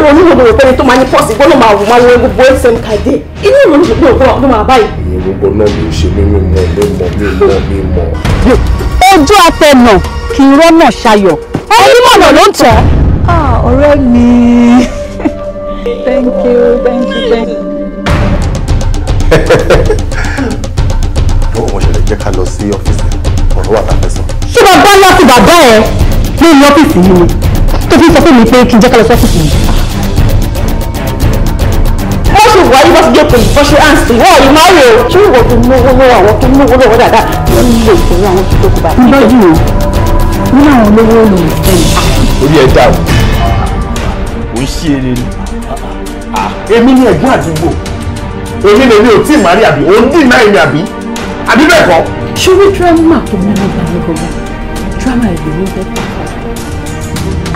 ìrònú wo lòrò pẹ́ni tó máa ní pọ́ọ̀sì gbọ́dọ̀ máa wò máa wo gbogbo ẹ̀sẹ̀m kàdé inú ìrònú wo lòrò pẹ́ni tó máa báyìí. ìyẹn gbogbo náà ló ṣe mí mi mọ mi mọ ojú àtẹnà kì í rọ́nà ṣayọ̀ onímọ̀nà ló ń tọ́. ọ̀rẹ́ mi thank you thank you thank you. ọmọ ṣẹlẹ̀ jẹ́ ká lọ sí ọ́fíìsì ọ̀rọ̀ wà láfẹ́ sọ. ṣé bàbá ńlá ti bàbá ẹ lórí ọ́fíìsì yìí ni tó fi sọ fún mi pé kí n jẹ́ ká lọ sí ọ́fíìsì yìí. gbé pẹ̀lú bọ́ṣẹ́ àǹsì wọ́n yìí máa rè o ṣé ìwọ tó lówó lọ́wọ́ àwọn tó lówó lọ́wọ́ dáadáa wọ́n lè ìṣòro àwọn tó kù bá. ìbájú o ní àwọn olówó olùfẹ́ mi. orí ẹ dá o ò ń ṣe eré ni èmi ni ẹ̀gbọ́n àdúgbò èmi lèmi ò tí ì má rí àbí òun dì náà èmi àbí àbí bẹ́ẹ̀ kọ́. ṣòro dírámà tó mẹ́rin balẹ̀ gbogbo dírámà ìlú ní bẹ́ẹ̀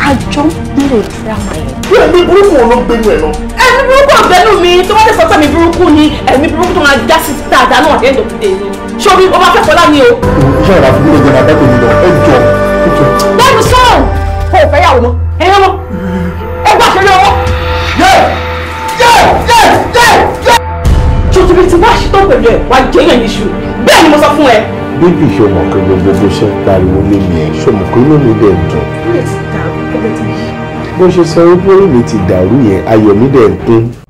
àjọ ń bèrè dírámà yẹn. bí ẹni burúkú ò ló gbẹnu ẹ lọ. ẹni burúkú ò gbẹnu mi burúkú ni ẹ̀mí burúkú tó máa dá sí dáadáa náà àti ẹ̀dọ̀ fìdè ni sórí ọba fẹ́fọ́ láni o. iṣẹ́ ìrà fún mi gbọ́dọ̀ àbẹ́tò mi lọ ẹ jọ ẹ jọ. bẹ́ẹ̀ni sọ́ọ̀ kò fẹ́ yàwó mọ́ ẹ yẹn mọ́ ẹ gbà ṣe lọ́wọ́. ṣòtúbi ti wá ṣítọ́ pẹ̀lú ẹ̀ wá jẹ́ yẹn níṣu bẹ́ẹ̀ ni mo sọ fún ẹ. bíbí ìṣòmọ̀ kí gbogbo ṣe ń pariwo lé mi ẹ̀ ṣòmọ̀ kí ló lè dẹ̀ dùn. bó ṣe sọ wípé orí mi ti dàrú yẹn ayọ̀ mi dẹ̀ ń kún.